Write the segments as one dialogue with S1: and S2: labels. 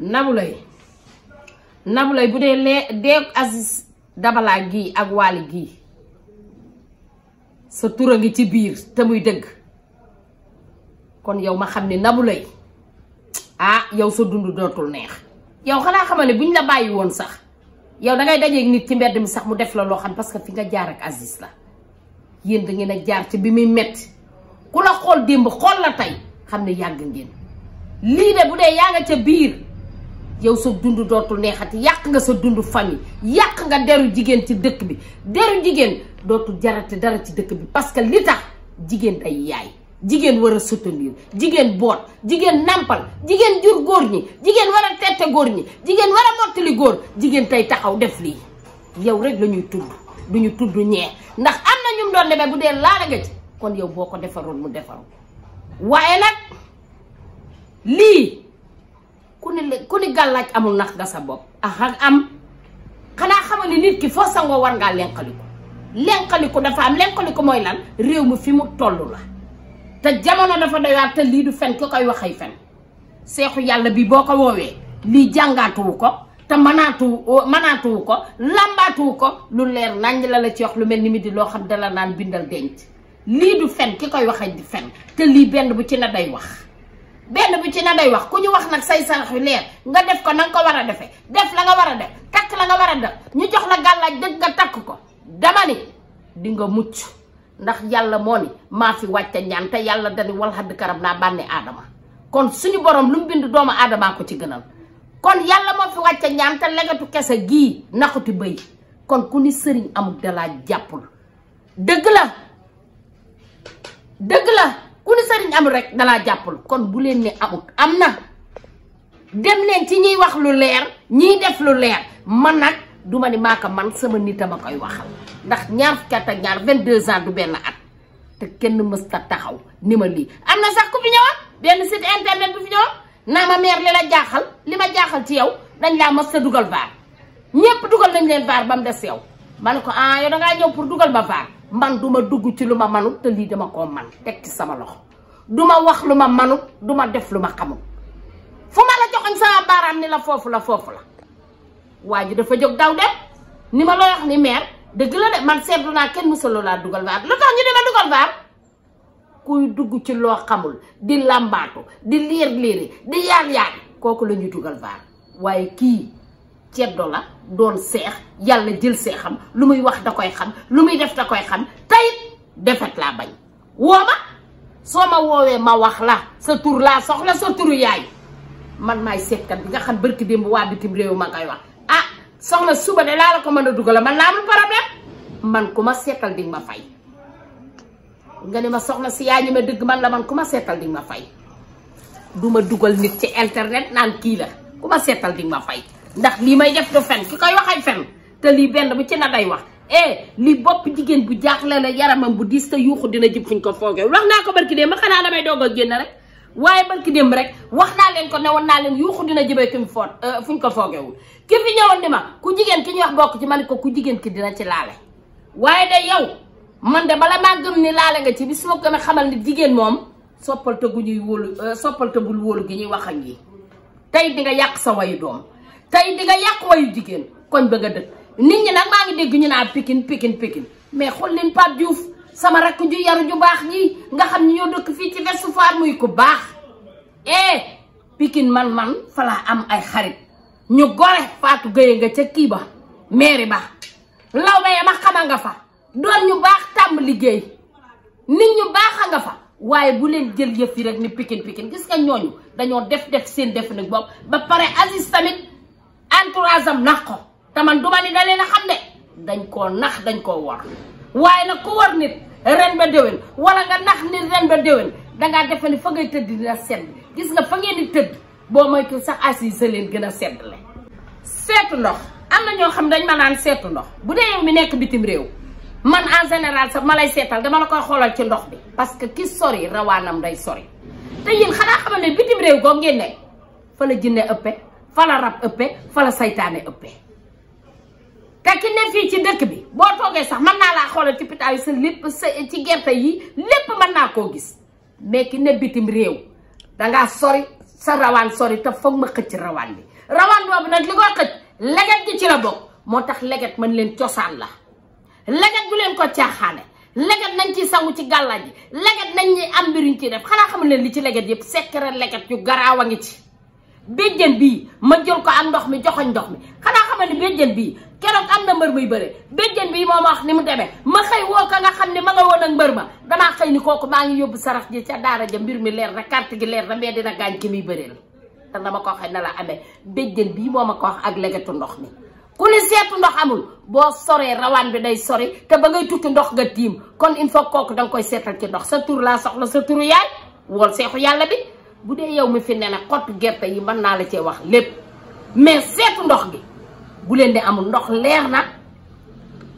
S1: Naboulaye Naboulaye bu dee lee dee Aziz Dabala gii ak Waly gii sa tura a ngi ci biir te muy dëgg kon yow ma xam ne Naboulaye ah yow sa dund dootul neex yow xanaa xamal ne buñ la bàyyi woon sax yow dangay dajeeg nit ci mbedd mi sax mu def la loo xam parce que fi nga jaar ak Aziz la yéen da ngeen a jaar ci bi muy metti ku la xool démb xool la tey xam ne yàgg ngeen lii de bu dee yaa ca biir yow sa dundu dotul neexati yak nga sa dundu fami, yak nga deru jigen ci dekk bi deru jigen dotul jarati dara ci dekk bi parce que li tax jigen day yaay jigen wara soutenir jigen bot jigen nampal jigen jur gor ñi jigen wara tete gor góor ñi jigéen war a mottali góor jigéen taxaw def li yow rek lañuy tuddu duñu tuddu ñe ndax amna ñum doon demé bu dee la nga kon yow boko ko mu defaru waaye nak li ku ne ku ne gàllaaj amul nax nga sa bopp ak am xanaa xamal ni nit ki foo sangoo war ngaa lenqaliku lenqaliku dafa am lenqaliku mooy lan réew mi fi mu toll la te jamono dafa doyaat te lii du fen ki koy waxay fen seexu yàlla bi boo ko woowee lii jàngaatuwu ko te manaatu manaatuwu ko làmbaatuwu ko lu leer nañ la la ci wax lu mel ni mi loo xam dala naan bindal denc lii du fen ki koy waxee di te lii benn bu ci na day wax benn bu ci na day wax ku ñu wax nag say sarax yu leer nga def ko na ko war a defee def la nga war a def takk la nga war a def ñu jox la gàllaaj dëgg nga takk ko dama ni di mucc ndax yàlla moo ni maa fi wàcc ñaan te yàlla dani wal hadd karab naa bànni aadama kon suñu borom lu bind doomu aadamaa ko ci gënal kon yàlla moo fi wàcc ñaan te legatu kese gii naxuti bëy kon ku ni sëriñ amul dalaa jàppul dëgg la dëgg la ku ne sëriñ amul rek la jappul kon bu len ne amut amna dem len ci ñi wax lu leer ñi def lu leer man nak duma ni maka man sama nitama ma koy waxal ndax ñaar fukki at ak ñaar 22 ans du ben at te kenn musta taxaw ni ma amna am sax ku fi ñew ben site internet bu fi ñew naa ma meer li la jaaxal lima ma ci yow dañ la musta duggal ba ñepp duggal nañ len vaar bam dess yow man ko ah yow nga ñew pour duggal ma vaar man duma dugg ci luma ma te li dama ko man tek ci sama loxo duma wax luma manu, duma def luma xamu fuma la joxon sama baram ni la fofu la fofu la waji dafa jog daw dem ni ma lo wax ni mer deug la de man seddu na ken musul la dugal war lutax ñu dina dugal war kuy dugg ci lo xamul di lambatu di lire lire di yar yar koku lañu dugal war waye ki ceddo la doon seex yalla jël seexam lumuy wax da koy xam lumuy def da koy xam tay defet la bañ woma so ma woowee ma wax la sa tour la soxla sa tour yaay man maay seetkat bi nga xam barki dem wa bitim rew ma kay wax ah soxla suba de la la ko meuna man la am problème man kuma setal ding ma fay nga ma soxla si yaay ni ma deug man la man kuma setal ding ma fay duma dugal nit ci internet nan ki la kuma setal ding ma fay ndax limay def do fen ki koy wax fen te li benn bu ci na day wax eh li bopp jigéen bu jaaxle la na yaramam bu diis te yuuxu dina jëm fuñ ko foogee wax naa ko barki démb ma xanaa damay doo a génn rek waaye barki démb rek wax naa leen ko ne woon naa leen yuuxu dina jëmee fi foot eh, fuñ ko foogewul ki fi ñëwoon di ma ku jigéen ki ñu wax bokk ci ma ne ko ku jigéen ki dina ci laale waaye de yow man de bala maa gëm ni laale nga ci bis ma gën a xamal ni jigéen moom soppal te gu ñuy wóolu eh, soppal te bul wóolu gi ñuy wax ak yi tey di nga yàq sa wayu doom tey di nga yàq wayu jigéen koñ bëgg a dëkk nit ñi nag maa ngi dégg ñu naa pikin pikin pikin mais xool leen Pape Diouf sama rakk ju yaru ju baax ji nga xam ni ñoo dëkk fii ci Ouest Foire muy ku baax eh pikin man man falaa am ay xarit ñu gore Fatou Gueye nga ca kii ba mairie ba law ba ma xama nga fa doon ñu baax tàmm liggéey nit ñu baax a nga fa waaye bu leen jël yëf yi rek ni pikin pikin gis nga ñooñu dañoo def def seen def nag bopp ba pare Aziz tamit entourage am nax ta man duma ni dalena leen xam de dañ ko nax dañ ko war waye nak ko war nit ren ba dewel wala nga nax nit ren ba dewel da nga ni fa ngay teud dina sedd gis nga fa ni teud bo boo ki sax assis se len gëna sedd le setu ndox amna ño xam dañ ma nan setu ndox bu de yow mi nek bitim rew man en general sax malay setal dama la koy xolal ci ndox bi parce que ki sori rawanam day sori te yeen xana xamal bitim rew goog ngeen ne fa la jinne uppe fa la rap uppe fa la saytane uppe te ki ne ci dëkk bi boo toogee sax man naa laa xoolal ci pitaayu sa lépp sa ci gerte yi lépp mën naa koo gis mais ki ne bitim réew dangaa sori sa rawaan sori te foog ma xëcc rawaan bi rawaan boobu nag li koy xëcc leget gi ci la bokk moo tax leget mën leen cosaan la leget bu leen ko caaxaane leget nañ ci sawu ci gàllaaj ji leget nañ ñi am mbir ci ciy def xanaa xamul leen li ci leget yëpp secret leget yu garaaw a ngi ci béjjën bii ma jël ko ak ndox mi joxoñ ndox mi xamal bejjel bi kérok keroog am na mbër muy beure bejjel bi mo wax ni mu démé ma xey wo ka nga xam ma nga won ak mbeur ma dama xey ni koku ma ngi yobbu sarax ji ca daara ja mbir mi leer na carte gi leer na mais dina gañ ci muy beurel ta dama ko xey na la amé bejjel bi mo ma ko wax ak legetu ndox ni ku ni seetu ndox amul bo soré rawan bi day sori te ba ngay tuti ndox ga tim kon il faut koku dang koy seetal ci ndox sa tour la soxla sa turu yaay wol seexu yalla bi budé yow mi fi néna xott gerté yi man na la ci wax lepp mais seetu ndox gi bu leen di amul ndox leer na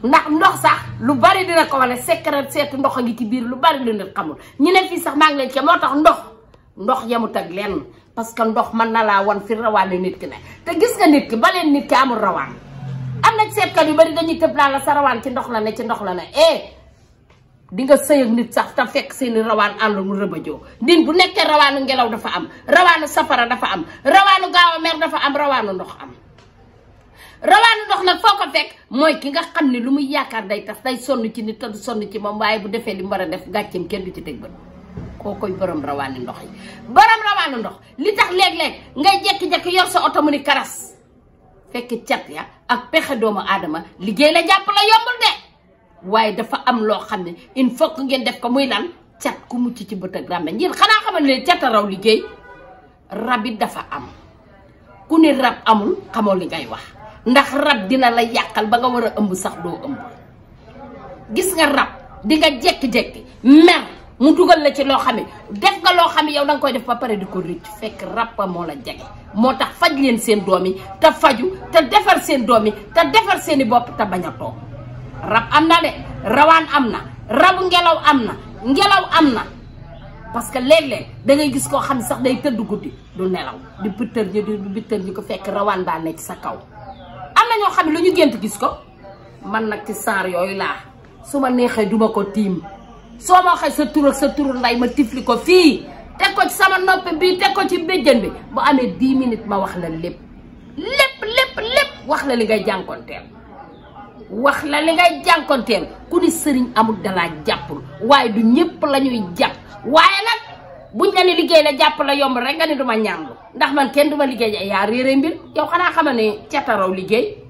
S1: ndax ndox sax lu bari dina ko wane secret seetu ndox a ngi ci biir lu bari lu nit xamul ñu ne fii sax maa ngi leen ke moo tax ndox ndox yemut ak lenn parce que ndox mën na laa wan fi rawaane nit ki ne te gis nga nit ki ba nit ki amul rawaan am na seetkat yu bari dañuy tëb naa la ci ndox la ne ci ndox la ne eh di nga sëy nit sax te fekk seeni rawaan ànd mu rëbëjoo nit bu nekkee rawaanu ngelaw dafa am rawaanu safara dafa am rawaanu gaaw a mer dafa am rawaanu ndox am rawaanu ndox nag foo ko fekk mooy ki nga xam ne lu muy yaakaar day tas day sonn ci nit te du sonn ci moom waaye bu defee li mu war a def gàcceem kenn du ci teg bët koo koy borom rawaanu ndox yi borom rawaanu ndox li tax léeg-léeg ngay jekki-jekki yor sa oto mu ni karas fekk cat ya ak pexe doomu aadama liggéey la jàpp la yombul de waaye dafa am loo xam ne il faut ngeen def ko muy lan cat ku mucc ci bët ak ràmme ngeen xanaa xamal ne cat raw liggéey rabit dafa am ku ne amul xamoo li ngay wax ndax rab dina la yakal ba nga wara sax do ëmb gis nga rab di nga jekki-jekki mer mu duggal la ci lo xamé def nga lo xamé yow dang koy def ba paré di ko rëcc fekk rab pa mo la jege motax faj leen seen doom ta faju ta defar seen doomi ta defar seeni bopp te bañ rab amna de amna am ngelaw amna ngelaw amna parce que leg leg da ngay gis ko xam sax day teud guddi du nelaw di peuter di bitër ñi ko fekk rawan baa nek sa kaw nañoo xam ne lu ñu gis ko man nak ci sar yoy la suma nexé duma ko tim soo ma waxee sa tour ak sa tour nday ma tifli ko fii ko ci sama nopp bi teg ko ci béjjën bi bu amé 10 minutes ma wax la lepp lepp lepp lepp wax la li nga jànkonteel wax la li nga jànkonteel ku ni sëriñ amul la jàppul waaye du ñepp la japp waye nak buñ la ni liggéey la japp la yomb rek nga ni duma ñaanlu ndax man kenn duma liggéey ya réré mbir yow xana xamane ne taraw liggéey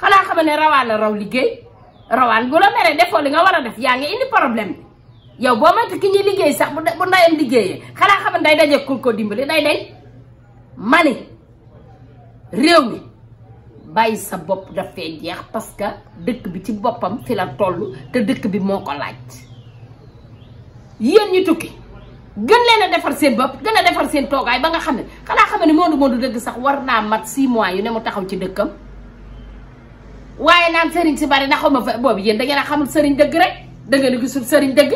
S1: xanaa xama ne rawaan la raw liggey rawal bu la mere defo li nga wara def yaa ngi indi problème bi yow boo moytu ki ñuy liggey sax bu bu ndayam liggey xala xam nday day daje kul ko dimbali day day mani réew mi bàyyi sa bop da fe jeex parce que dekk bi ci bopam fi la tollu te dekk bi moko laaj yeen ñu tukki gën leena defar seen bop gën a defar seen togaay ba nga xamne xala xanaa xam ne Modou Modou dëgg sax warna mat 6 mois yu ne mu taxaw ci dekkam waaye naan sëriñ si bari na xaw ma fa boobu yéen da ngeen a xamul sëriñ dëgg rek da ngeen a gisul sëriñ dëgg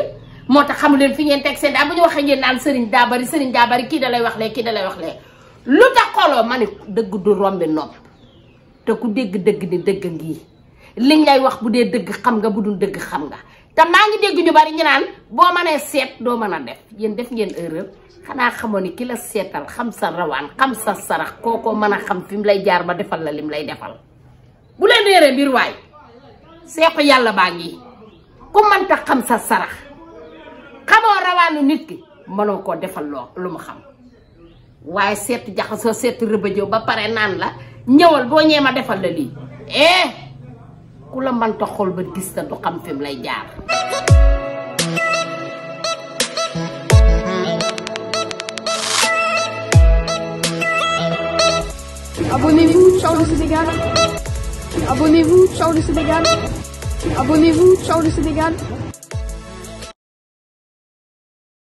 S1: moo tax xamu leen fi ngeen teg seen daa bu ñu waxee ngeen naan sëriñ daa bari sëriñ daa bari kii da lay wax lee kii da lay wax lee lu tax xoloo ma dëgg du rombi nopp te ku dégg dëgg ni dëgg ngii liñ lay wax bu dee dëgg xam nga bu dul dëgg xam nga te maa ngi dégg ñu bari ñu naan boo mënee seet doo mën a def yéen def ngeen erreur xanaa xamoon ni ki la seetal xam sa rawaan xam sa sarax kookoo mën a xam fi mu lay jaar ba defal la lim lay defal bu leen réeree mbir waay seexu yàlla baa ngi ku mënta xam sa sarax xamoo rawaanu nit ki mënoo koo defal loo lu mu xam waaye seetu jaxasoo seetu rëbëjoo ba pare naan la ñëwal boo ñee ma defal la lii eh, ku la mënta xool ba gis ta du xam fi lay jaar Abonnez-vous, ciao le Sénégal Abonnez-vous, ciao le Sénégal